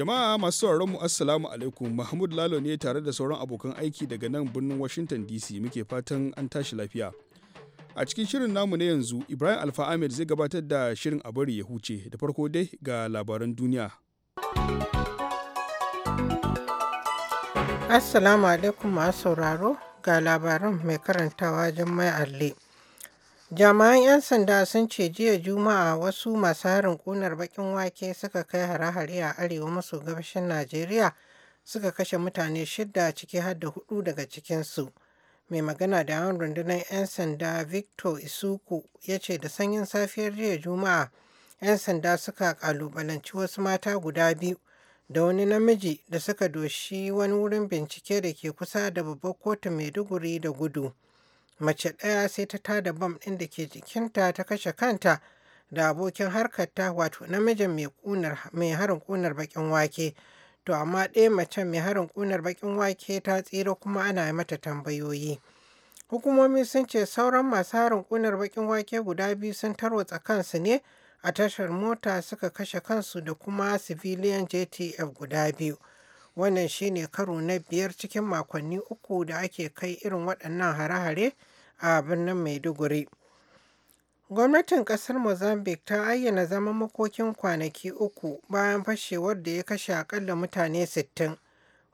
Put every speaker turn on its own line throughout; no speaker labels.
Jama'a masu sauraron mu Assalamu alaikum Mahmud Lalo ne tare da sauran abokan aiki daga nan birnin Washington DC muke fatan an tashi lafiya. A cikin shirin namu na yanzu Ibrahim Alfa Ahmed zai gabatar da shirin a bari ya huce da farko dai ga labaran duniya.
Assalamu alaikum masu sauraro ga labaran mai karantawa Jummai Alli. Jami'an 'yan sanda sun ce jiya Juma'a wasu masu harin ƙunar baƙin wake suka kai hare-hare a arewa maso gabashin Najeriya suka kashe mutane shidda ciki har da hudu daga cikinsu. Mai magana da yawan rundunar 'yan sanda Victor Isuku ya ce da sanyin safiyar jiya Juma'a 'yan sanda suka kalubalanci wasu mata guda biyu da wani namiji da suka doshi wani wurin bincike da ke kusa da babbar kotun Maiduguri da gudu. mace ɗaya sai ta tada bam ɗin da ke jikinta ta kashe kanta da abokin harkarta wato namijin mai harin ƙunar baƙin wake to amma ɗaya macen mai harin ƙunar baƙin wake ta tsira kuma ana mata tambayoyi hukumomi sun ce sauran masu harin ƙunar baƙin wake guda biyu sun tarwatsa kansu ne a tashar mota suka kashe kansu da kuma civilian jtf guda biyu Wannan shi ne karo na biyar cikin makonni uku da ake kai irin waɗannan hare-hare a birnin Maiduguri. Gwamnatin ƙasar Mozambique ta ayyana zaman makokin kwanaki uku bayan fashewar da ya kashe aƙalla mutane 60.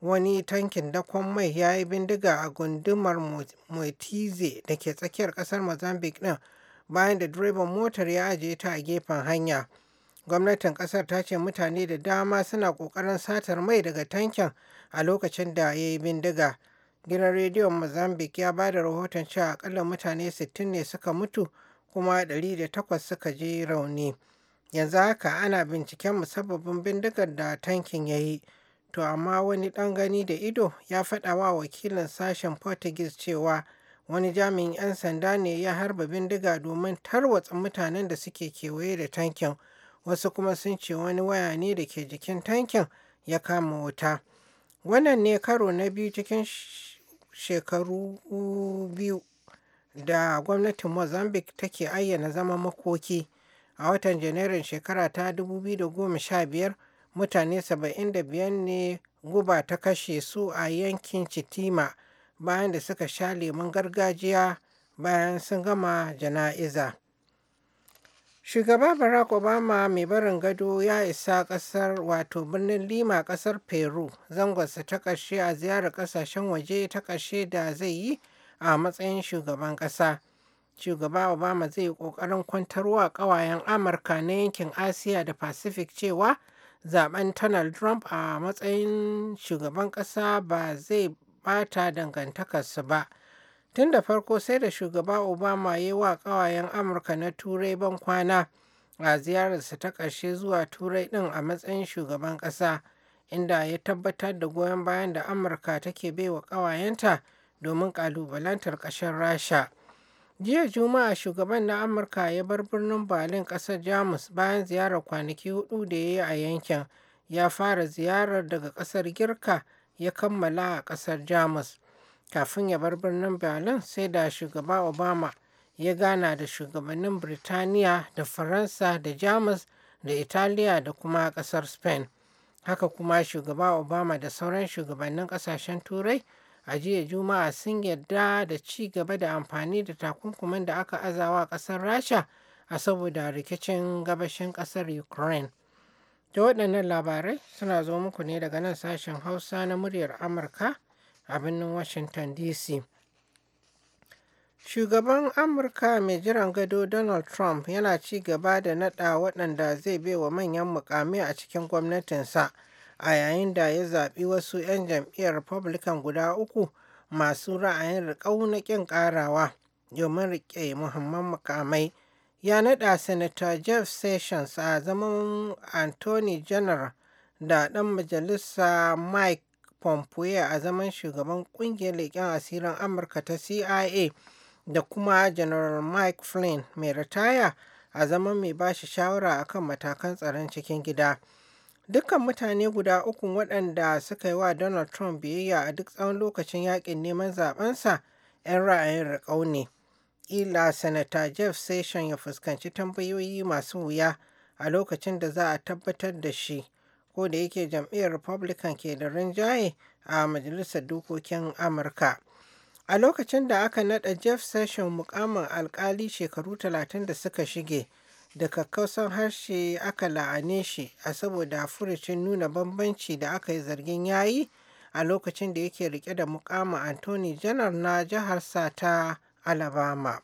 Wani tankin dakon mai ya yi bindiga a gundumar Moitize da ke tsakiyar ƙasar Mozambique ɗin bayan da direban motar ya ajiye ta a gefen hanya. gwamnatin ƙasar ta ce mutane da dama suna ƙoƙarin satar mai daga tankin a lokacin da ya yi bindiga gidan rediyon mozambique ya ba da rahoton cewa akalla mutane 60 ne suka mutu kuma 108 suka je rauni yanzu haka ana binciken musabbabin bindigar da tankin ya yi to amma wani ɗan gani da ido ya faɗa wa wakilin sashen portuguese cewa wani jami'in 'yan sanda ne ya harba bindiga domin tarwatsa mutanen da suke kewaye da tankin wasu kuma sun ce wani waya ne da ke jikin tankin ya kama wuta wannan ne karo na biyu cikin shekaru biyu da gwamnatin mozambique take ayyana zama makoki a watan janairun shekara ta 2015 mutane 75 ne guba ta kashe su a yankin chitima bayan da suka sha lemun gargajiya bayan sun gama jana'iza Shugaba Barack Obama mai barin gado ya isa kasar wato birnin Lima kasar Peru zangonsa ta ƙarshe a ziyarar ƙasashen waje ta ƙarshe da zai yi a matsayin shugaban ƙasa. Shugaba Obama zai yi ƙoƙarin kwantarwa ƙawayen Amurka na yankin Asiya da Pacific cewa zaben Donald Trump a matsayin shugaban ƙasa ba zai bata dangantakarsu ba. Tun da farko sai da shugaba Obama ya wa ƙawayen Amurka na Turai ban kwana a ziyararsa ta ƙarshe zuwa Turai ɗin a matsayin shugaban ƙasa, inda ya tabbatar da goyon bayan da Amurka take bai wa ƙawayenta domin ƙalubalantar ƙasar Rasha. Jiya Juma'a shugaban na Amurka ya bar birnin Berlin ƙasar Jamus bayan ziyarar kwanaki hudu da ya yi a yankin. Ya fara ziyarar daga ƙasar Girka ya kammala a ƙasar Jamus. kafin ya bar birnin berlin sai da shugaba obama ya gana da shugabannin birtaniya da faransa da jamus da italiya da kuma kasar spain haka kuma shugaba obama da sauran shugabannin kasashen turai a jiya juma'a sun yarda da ci gaba da amfani da takunkumin da aka azawa kasar rasha a saboda rikicin gabashin kasar ukraine da waɗannan labarai suna zo muku ne daga nan sashen hausa na muryar amurka a birnin Washington DC. Shugaban Amurka mai jiran gado Donald Trump yana ci gaba da naɗa waɗanda zai bai wa manyan mukamai a cikin gwamnatinsa a yayin da ya zaɓi wasu 'yan jam'iyyar Republican guda uku masu ra'ayin riƙau na ƙin ƙarawa domin riƙe muhimman mukamai. Ya naɗa Senator Jeff Sessions a zaman Anthony General da ɗan majalisa Mike Pompeo a zaman shugaban kungiyar leƙen asirin Amurka ta CIA da kuma General Mike Flynn mai ritaya a zaman mai bashi shawara akan matakan tsaron cikin gida. Dukkan mutane guda uku waɗanda suka yi wa Donald Trump biyayya a duk tsawon lokacin yakin neman zaɓensa 'yan ra'ayin riƙau ne. Ila Sanata Jeff Sessions ya fuskanci tambayoyi masu wuya a lokacin da za a tabbatar da shi ko da yake jam'iyyar republican ke da rinjaye a majalisar dokokin amurka a lokacin da aka nada jeff session mukamin alkali shekaru 30 da suka shige da kakkausan harshe aka la'ane shi a saboda furucin nuna bambanci da aka yi zargin yayi a lokacin da yake rike da mukamin anthony janar na jihar sa ta alabama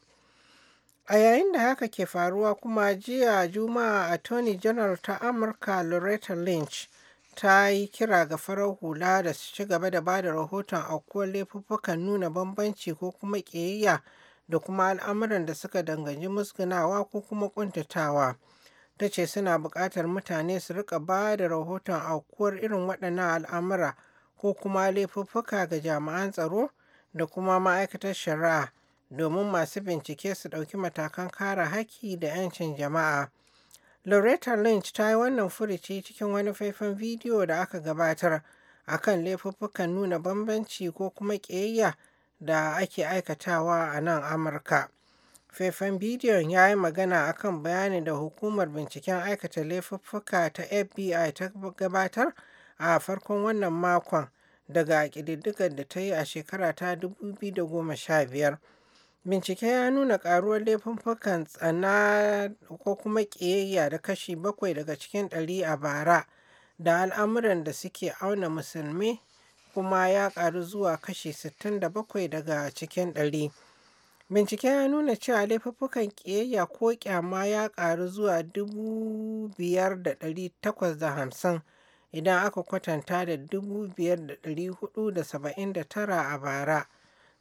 a yayin da haka ke faruwa kuma jiya juma'a a attorney general ta amurka loretta lynch ta yi kira ga farar hula da su ci gaba da ba da rahoton aukuwar laifuffukan nuna bambanci ko kuma ƙiyayya da kuma al'amuran da suka danganci musgunawa ko kuma ƙuntatawa ta ce suna buƙatar mutane su rika ba da rahoton aukuwar irin waɗannan al'amura ko kuma laifuffuka ga jami'an tsaro da kuma ma'aikatar shari'a domin masu bincike su ɗauki matakan kare haƙƙi da 'yancin jama'a. Loretta Lynch ta yi wannan furuci cikin wani faifan bidiyo da aka gabatar a kan laifuffukan nuna bambanci ko kuma ƙiyayya da ake aikatawa a nan Amurka. Faifan bidiyon ya yi magana a kan bayani da hukumar binciken aikata laifuffuka ta FBI ta gabatar a farkon wannan makon daga ƙididdigar da ta yi a shekara ta 2015. Bincike ya nuna ƙaruwar laifuffukan tsana ko kuma ƙiyayya da kashi bakwai daga cikin ɗari a bara da al'amuran da suke auna musulmi kuma ya ƙaru zuwa kashi 67 daga cikin ɗari. Bincike ya nuna cewa laifuffukan ƙiyayya ko ƙyama ya ƙaru zuwa 5,850 idan aka kwatanta da 5,479 a bara.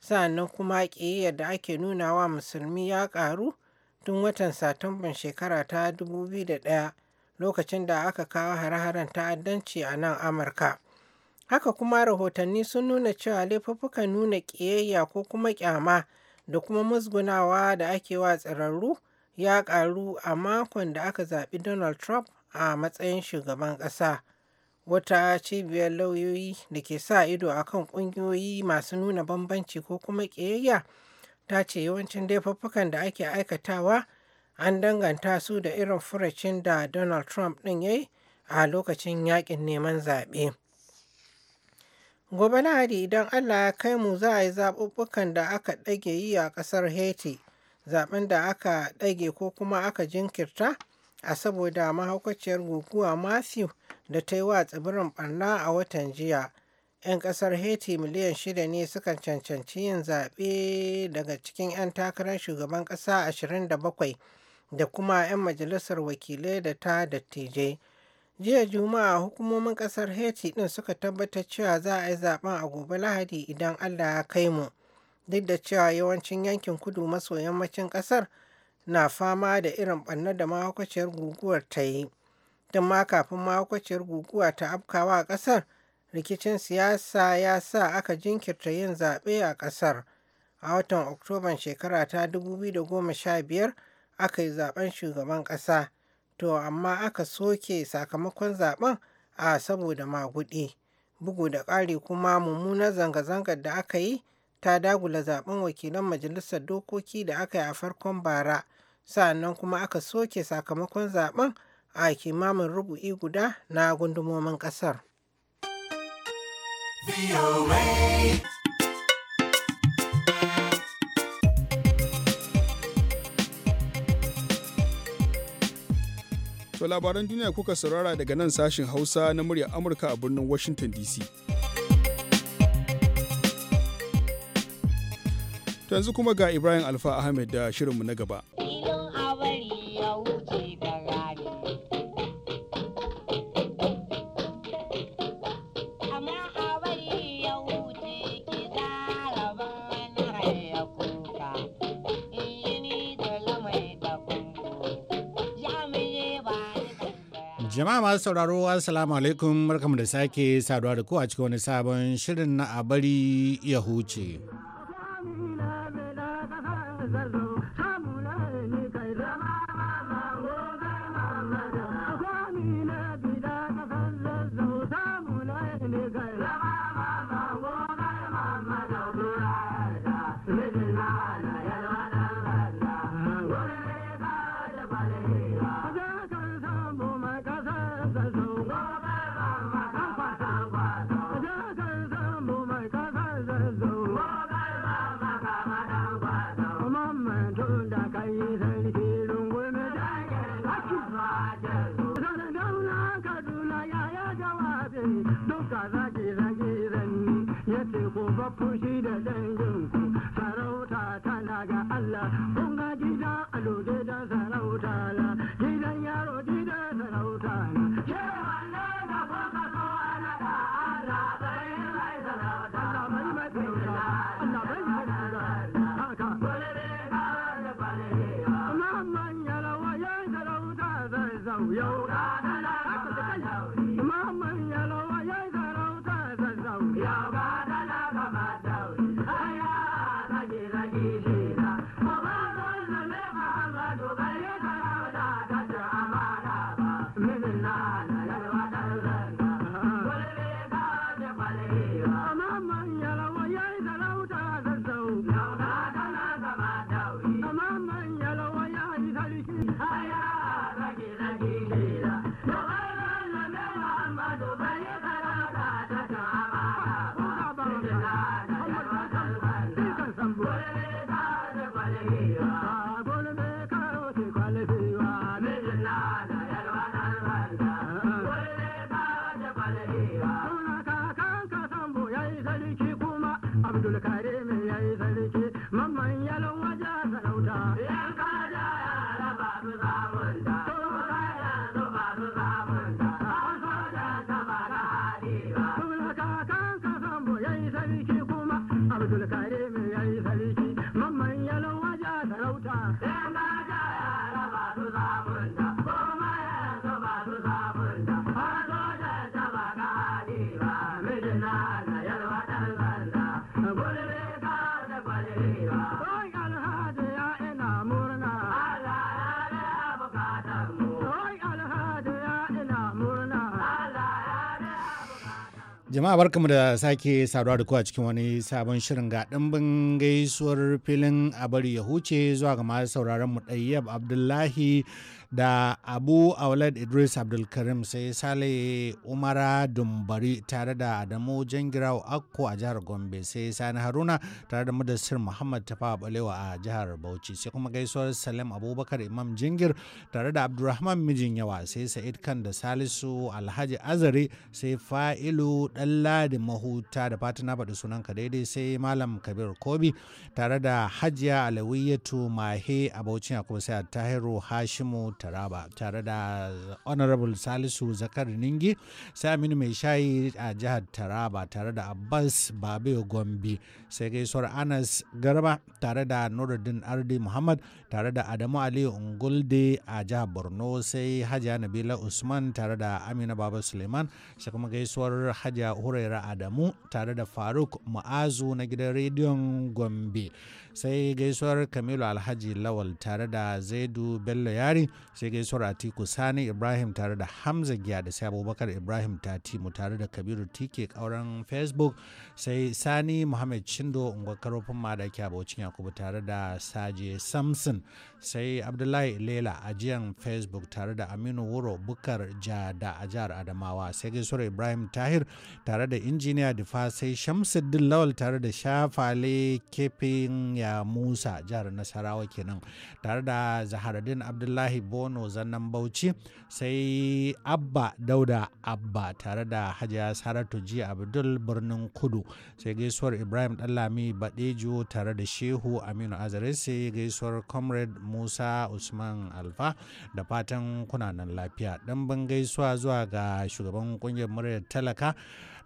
sa'annan kuma ƙiyayya da ake nuna wa musulmi ya ƙaru tun watan satumban shekara ta 2001 lokacin da aka kawo hare-haren ta'addanci a nan amurka haka kuma rahotanni sun nuna cewa laifuffukan nuna ƙiyayya ko kuma ƙyama da kuma musgunawa da ake wa tsirarru ya ƙaru a makon da aka zaɓi donald trump a matsayin shugaban ƙasa wata cibiyar lauyoyi da ke sa ido a kan ƙungiyoyi masu nuna bambanci ko kuma ƙiyayya ta ce yawancin laifuffukan da ake aikatawa an danganta su da irin furacin da donald trump ɗin ya yi a lokacin yakin neman zaɓe gobe lahadi idan allah ya kai mu za a yi zaɓuɓɓukan da aka ɗage yi a ƙasar haiti zaɓen da aka ɗage ko kuma aka jinkirta a saboda mahaukaciyar guguwa matthew da ta yi wa tsibirin barna a watan jiya 'yan kasar haiti miliyan shida ne suka cancanci yin zaɓe daga cikin 'yan takarar shugaban ƙasa 27 da kuma 'yan majalisar wakilai da ta dattijai jiya juma'a hukumomin ƙasar haiti ɗin suka tabbatar cewa za a yi zaben a gobe lahadi idan allah ya kai mu duk da cewa yawancin yankin kudu maso yammacin ƙasar na fama da irin ɓanna da mahaukaciyar guguwar ta yi tun ma kafin mahaukaciyar guguwa ta afkawa a ƙasar rikicin siyasa ya sa aka jinkirta yin zaɓe a ƙasar a watan oktoban shekara ta 2015 aka yi zaɓen shugaban ƙasa to amma aka soke sakamakon zaɓen? a saboda maguɗi bugu da ƙari kuma mummunar zanga-zangar da aka yi ta dagula zaben wakilan majalisar dokoki da aka yi a farkon bara sa'annan kuma aka soke sakamakon zaben a kimamin rubu'i guda na gundumomin kasar.
To labaran duniya kuka saurara daga nan sashin Hausa na muryar Amurka a birnin Washington DC. To yanzu kuma ga Ibrahim Alfa Ahmed da shirinmu na gaba.
Jama'a masu sauraro Assalamu alaikum barkamu da sake saduwa da ku a cikin wani sabon shirin na a bari ya huce.
Raghunath.
Jama'a barkamu da sake saduwa da kowa a cikin wani sabon shirin ga ɗimbin gaisuwar filin a bari ya huce zuwa ga masu sauraron mu Ɗayyab Abdullahi da abu aulad idris abdulkarim sai sale umara dumbari tare da adamu jangirau akko a jihar gombe sai sani haruna tare da madasir muhammad tafa balewa a jihar bauchi sai kuma gaisuwar salim abubakar imam jingir tare da abdulrahman mijin yawa sai sa'id kan da salisu alhaji azare sai fa'ilu ɗanladi mahuta da fata na faɗi ka daidai sai malam kabir kobi tare da hajiya alawiyatu mahe a bauchi yakubu sai tahiru hashimu taraba tare da honorable salisu zakar ningi sai aminu mai shayi a jihar taraba tare da abbas babe gombe sai gaisuwar anas garba tare da nuruddin ardi muhammad tare da Adamu Aliyu Ungulde a jihar Borno sai Hajiya Nabila Usman tare da Amina Baba Suleiman sai kuma gaisuwar Hajiya Huraira Adamu tare da Faruk Ma'azu na gidan rediyon Gombe sai gaisuwar Kamilu Alhaji Lawal tare da Zaidu Bello Yari sai gaisuwar Atiku Sani Ibrahim tare da Hamza Giya da sai Abubakar Ibrahim Tatimu tare da Kabiru Tike kauran Facebook sai Sani Muhammad Shindo Ungwa Karofin Madaki abokin Yakubu tare da Saje Samson sai Abdullahi Lela ajiyan jiyan Facebook tare da Aminu Wuro Bukar Jada a jihar Adamawa sai gaisuwar Ibrahim Tahir tare da injiniya Difa sai Shamsuddin Lawal tare da Shafale Kefin ya Musa jihar Nasarawa kenan tare da zaharadin Abdullahi Bono zannan Bauchi sai Abba Dauda Abba tare da Hajiya Saratu Ji Abdul birnin Kudu sai gaisuwar Ibrahim Dallami baɗejo tare da Shehu Aminu Azare sai gaisuwar Comrade comrade musa usman alfa da fatan kunanan lafiya dan ban gaisuwa zuwa ga shugaban kungiyar muryar talaka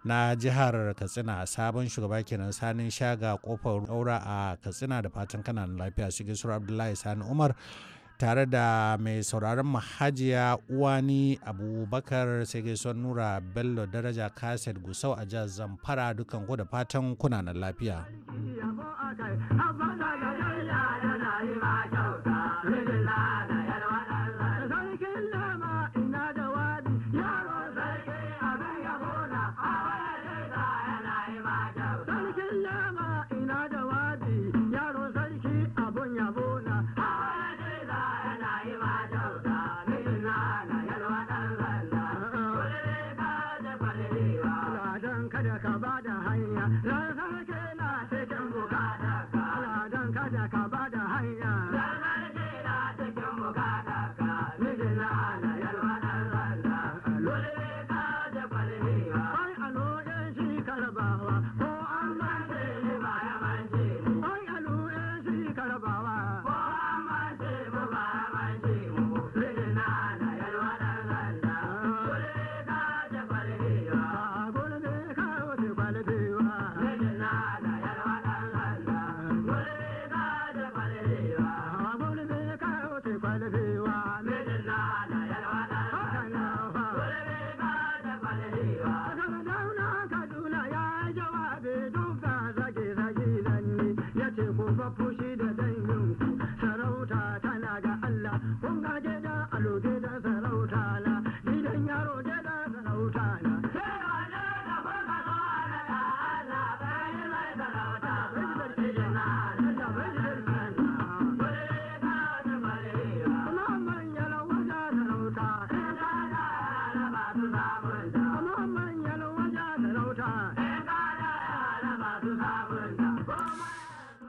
na jihar katsina sabon shugaba kenan sanin shaga kofar aura a katsina da fatan kana lafiya su gaisuwar abdullahi sani umar tare da mai sauraron mahajiya uwani abubakar sai gaisuwar nura bello daraja kaset gusau a jihar zamfara dukan ku da fatan kuna lafiya.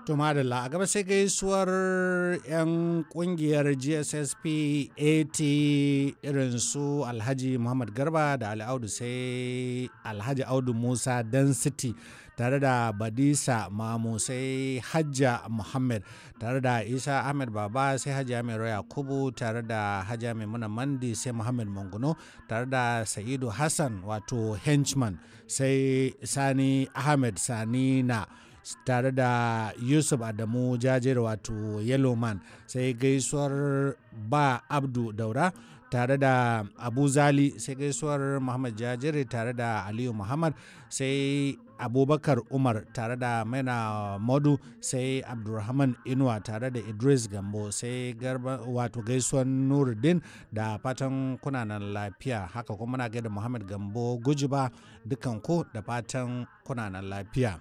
To madalla a gaba sai gaisuwar 'yan kungiyar GSSP 80 irin su Alhaji Muhammad Garba da Ali Audu sai Alhaji Audu Musa Dan City, tare da Badisa Mamu sai Hajja Muhammad tare da Isa Ahmed Baba sai hajji Mai Roya Kubu tare da hajji Mai Muna Mandi sai Muhammad Manguno tare da Sa'idu Hassan wato henchman sai Sani Ahmed Sani na. tare da yusuf adamu jajir wato yellow man sai gaisuwar ba abdu daura tare da abu zali sai gaisuwar muhammad jajir tare da aliyu muhammad sai abubakar umar tare da maina modu sai abdulrahman inuwa tare da idris gambo sai garba wato gaisuwan nuruddin da fatan kunanan lafiya haka kuma na gaida muhammad gambo gujiba dukanku da fatan kunanan lafiya.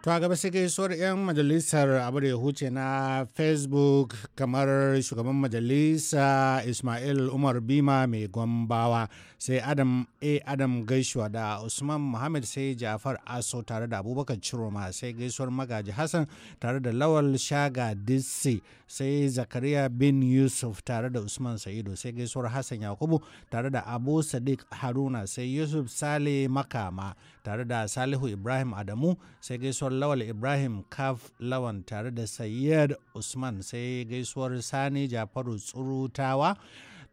To a gaba sai gaisuwar 'yan majalisar abu da ya huce na Facebook kamar shugaban majalisa Ismail Umar Bima mai gombawa. sai adam a eh, adam gaisuwa da usman muhammad sai jafar aso tare da abubakar ciroma sai gaisuwar magaji hassan tare da lawal shaga disse sai zakariya bin yusuf tare da usman sa'idu sai gaisuwar hassan yakubu tare da abu sadiq haruna sai yusuf sale makama tare da salihu ibrahim adamu sai gaisuwar lawal ibrahim kaf lawan tare da sayyid usman sai gaisuwar sani jafaru tsurutawa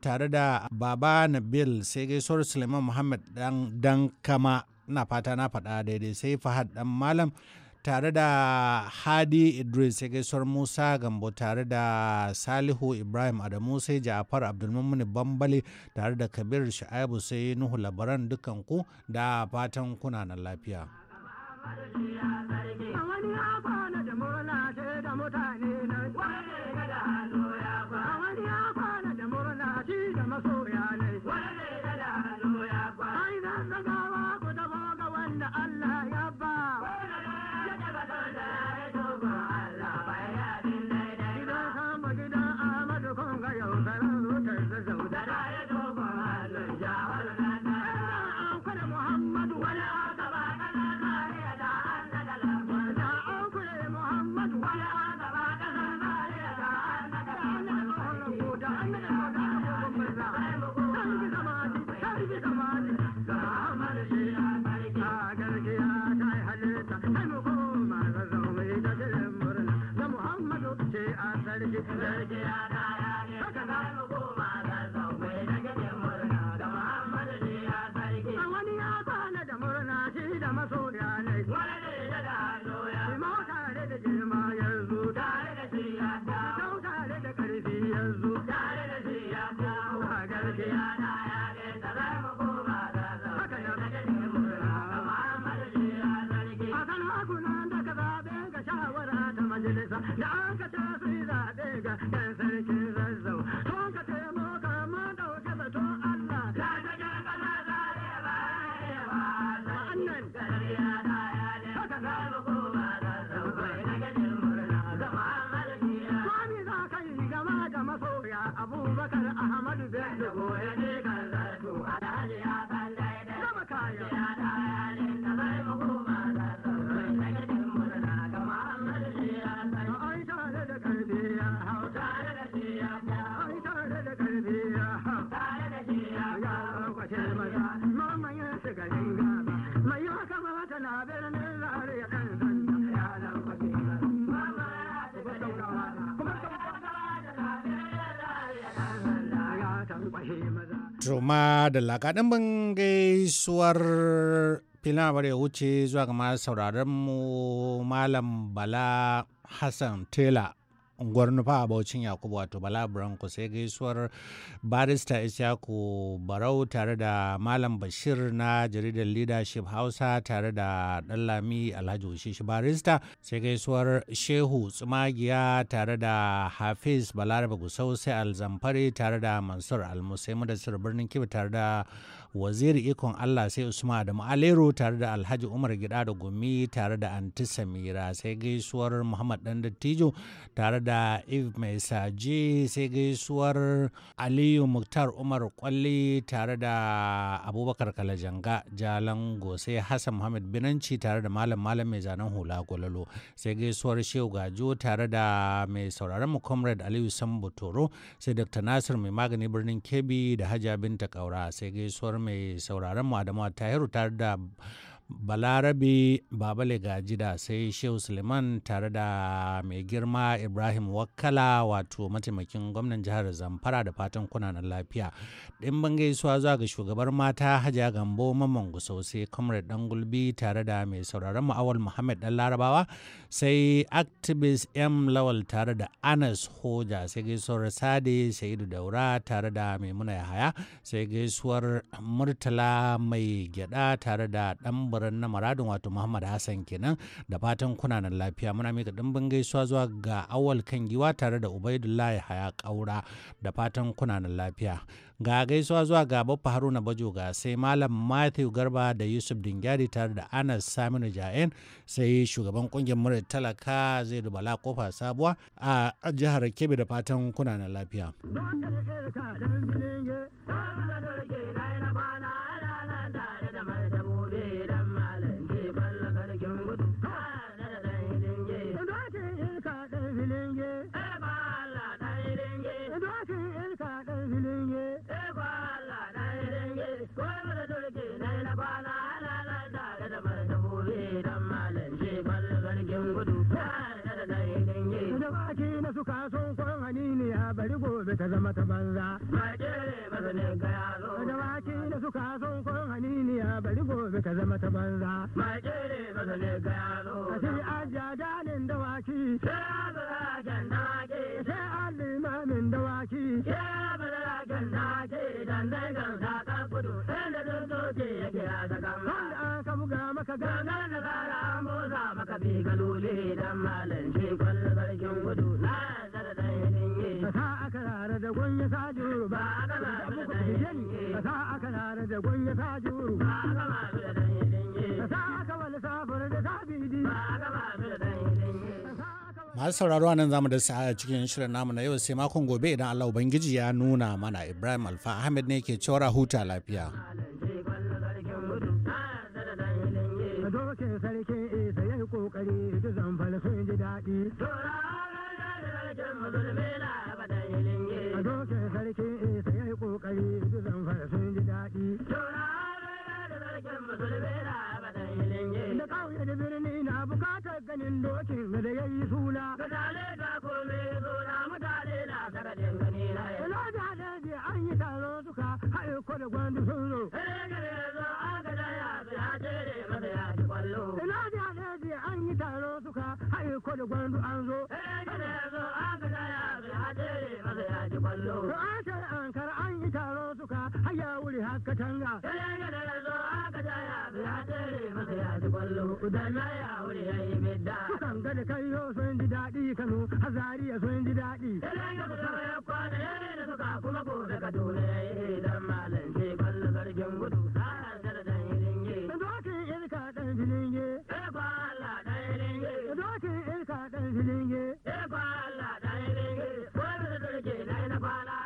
tare da Baba Nabil sai gaisuwar Suleiman Muhammad dan dan kama na fata na faɗa daidai sai Fahad dan Malam tare da Hadi Idris sai gaisuwar Musa Gambo tare da Salihu Ibrahim Adamu sai Ja'far Abdulmumin bambali tare da Kabir Shu'aibu sai Nuhu Labaran dukan ku da fatan kuna na lafiya.
A wani da mutane The
Madalla kaɗan ban gaisuwar filin abar ya wuce zuwa ga sauraron mu Malam Bala Hassan Tela unguwar nufa a baucin yakubu wato bala branko sai gaisuwar barista isyaku barau tare da malam bashir na jaridar leadership hausa tare da dallami alhaji ushishi barista sai gaisuwar shehu tsumagiya tare da hafiz balarabe gusau sai alzamfari tare da mansur almusai da birnin kibi tare da waziri ikon Allah sai Usman Adamu Alero tare da Alhaji Umar Gida da Gumi tare da Anti Samira sai gaisuwar Muhammad Dan Dattijo tare da Eve Mai Saje sai gaisuwar Aliyu Muktar Umar Kwalli tare da Abubakar Kalajanga Jalan sai Hassan Muhammad Binanci tare da Malam Malam Mai Zanen Hula Gwalalo sai gaisuwar Shehu Gajo tare da Mai Sauraron mu Comrade Aliyu Sambo Toro sai Dr. Nasir Mai Magani Birnin Kebbi da Haja Binta Kaura sai gaisuwar mai sauraron mu Adamu Tahiru tare da Balarabe Babale Gajida sai Shehu Suleiman tare da mai girma Ibrahim Wakkala wato mataimakin gwamnan jihar Zamfara da fatan kunanan lafiya. Ɗimbin gaisuwa zuwa ga shugabar mata Hajiya Gambo Mamman Gusau sai Comrade Dangulbi tare da mai sauraron mu Awal Muhammad Dan Larabawa sai activist m lawal tare da anas hoja sai gaisuwar sade shaidu daura tare da maimuna yahaya sai gaisuwar murtala mai gyada tare da ɗanbaran na maradin wato muhammad hassan kenan da fatan kunanan lafiya muna mika ɗimbin gaisuwa zuwa ga awal kan giwa tare da ubaidullah yahaya kaura da fatan kunanan lafiya Ga gaisuwa zuwa ga Baffa Haruna Bajoga sai Malam Matthew Garba da Yusuf Dingyari tare da Anas Saminu Ja'in sai shugaban kungiyar murar talaka zai dubala kofa sabuwa a jihar Kebbi da fatan kuna na lafiya.
ta zama ta banza. Makere mazanin kaya zo. Da waki da suka sun kun haniniya bari gobe Ka zama ta banza. Makere mazanin kaya zo. Ka ci ajiya dalin da waki. Sai abaragen da waki. Sai alimamin da waki. Sai abaragen da waki. Dan dai gamsa kan kudu. Sai da dutse yake a sakan. Wanda aka buga maka gana. Gana da bara an boza maka bi galule dan malam shi kwallo sarkin gudu.
masu sauraro nan zamu da sa'a cikin shirin namu na yau sai makon gobe idan Allah Ubangiji ya nuna mana Ibrahim Alfa Ahmed ne ke cewa huta lafiya.
da da yayi suna gadale da kome suna mutane na sakacin gani na yi ina da bi an yi taro suka haɗe ko da gwandu sun zo ina da yanzu an gada ya su ya tere masa ya ci kwallo ina da bi an yi taro suka haɗe ko da gwandu an zo ina da yanzu an gada ya su ya tere masa ya ci kwallo to an shar an kar an yi taro suka hayya wuri haka tanga ina da yanzu an tere masa ya ji da na ya ya sun ji daɗi Kano, sun ji daɗi. da kuma ya da dan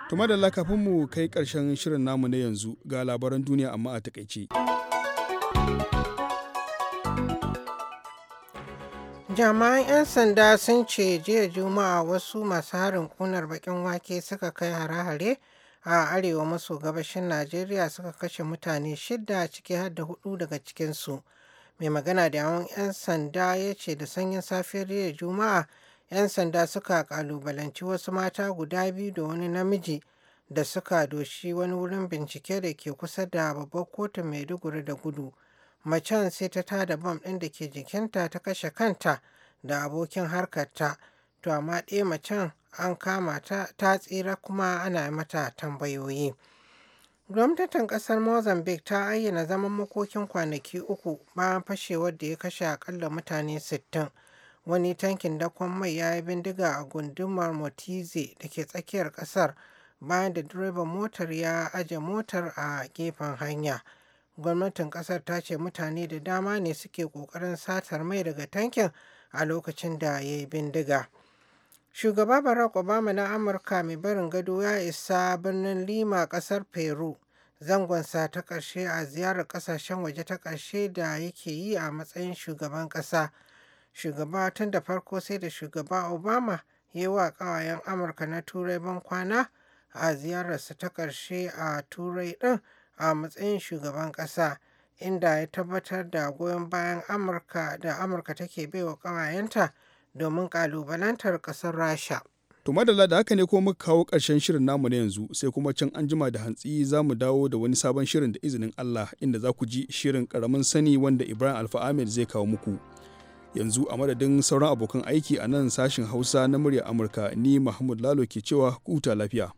Tuma da kafin mu kai karshen shirin namu na yanzu ga labaran duniya amma a takaice.
Jami'an 'yan sanda sun ce jiya Juma'a wasu masu harin kunar bakin wake suka kai hare-hare a arewa maso gabashin Najeriya suka kashe mutane shida ciki har da hudu daga cikinsu. Mai magana da yawan 'yan sanda ya ce da sanyin safiyar jiya Juma'a 'yan sanda suka kalubalanci wasu mata guda biyu da wani namiji da suka doshi wani wurin bincike da ke kusa da babbar kotun Maiduguri da gudu. macen sai ta tada bom ɗin da ke jikinta ta kashe kanta da abokin harkarta to amma ɗaya macen an kama ta ta tsira kuma ana mata tambayoyi gwamnatin ƙasar mozambique ta ayyana zaman makokin kwanaki uku bayan fashewar da ya kashe akalla mutane 60 wani tankin dakon mai ya yi bindiga a gundumar motize da ke tsakiyar ƙasar bayan da direban motar ya aje motar a gefen hanya. Gwamnatin ƙasar ta ce mutane da dama ne suke ƙoƙarin satar mai daga tankin a lokacin da ya yi bindiga. Shugaba Barack Obama na Amurka mai barin gado ya isa birnin Lima ƙasar Peru zangonsa ta ƙarshe a ziyarar ƙasashen waje ta ƙarshe da yake yi a matsayin shugaban ƙasa. Shugaba tun da farko sai da shugaba Obama ya yi wa ƙawayen Amurka na Turai ban kwana a ziyararsa ta ƙarshe a Turai ɗin. a matsayin shugaban ƙasa inda ya tabbatar da goyon bayan amurka da amurka take baiwa ƙawayenta domin ƙalubalantar ƙasar rasha
To madalla da haka ne ko muka kawo ƙarshen shirin namu na yanzu sai kuma can an jima da hantsi za mu dawo da wani sabon shirin da izinin Allah inda za ku ji shirin ƙaramin sani wanda Ibrahim Alfa Ahmed zai kawo muku. Yanzu a madadin sauran abokan aiki a nan sashin Hausa na murya Amurka ni Mahmud Lalo ke cewa kuta lafiya.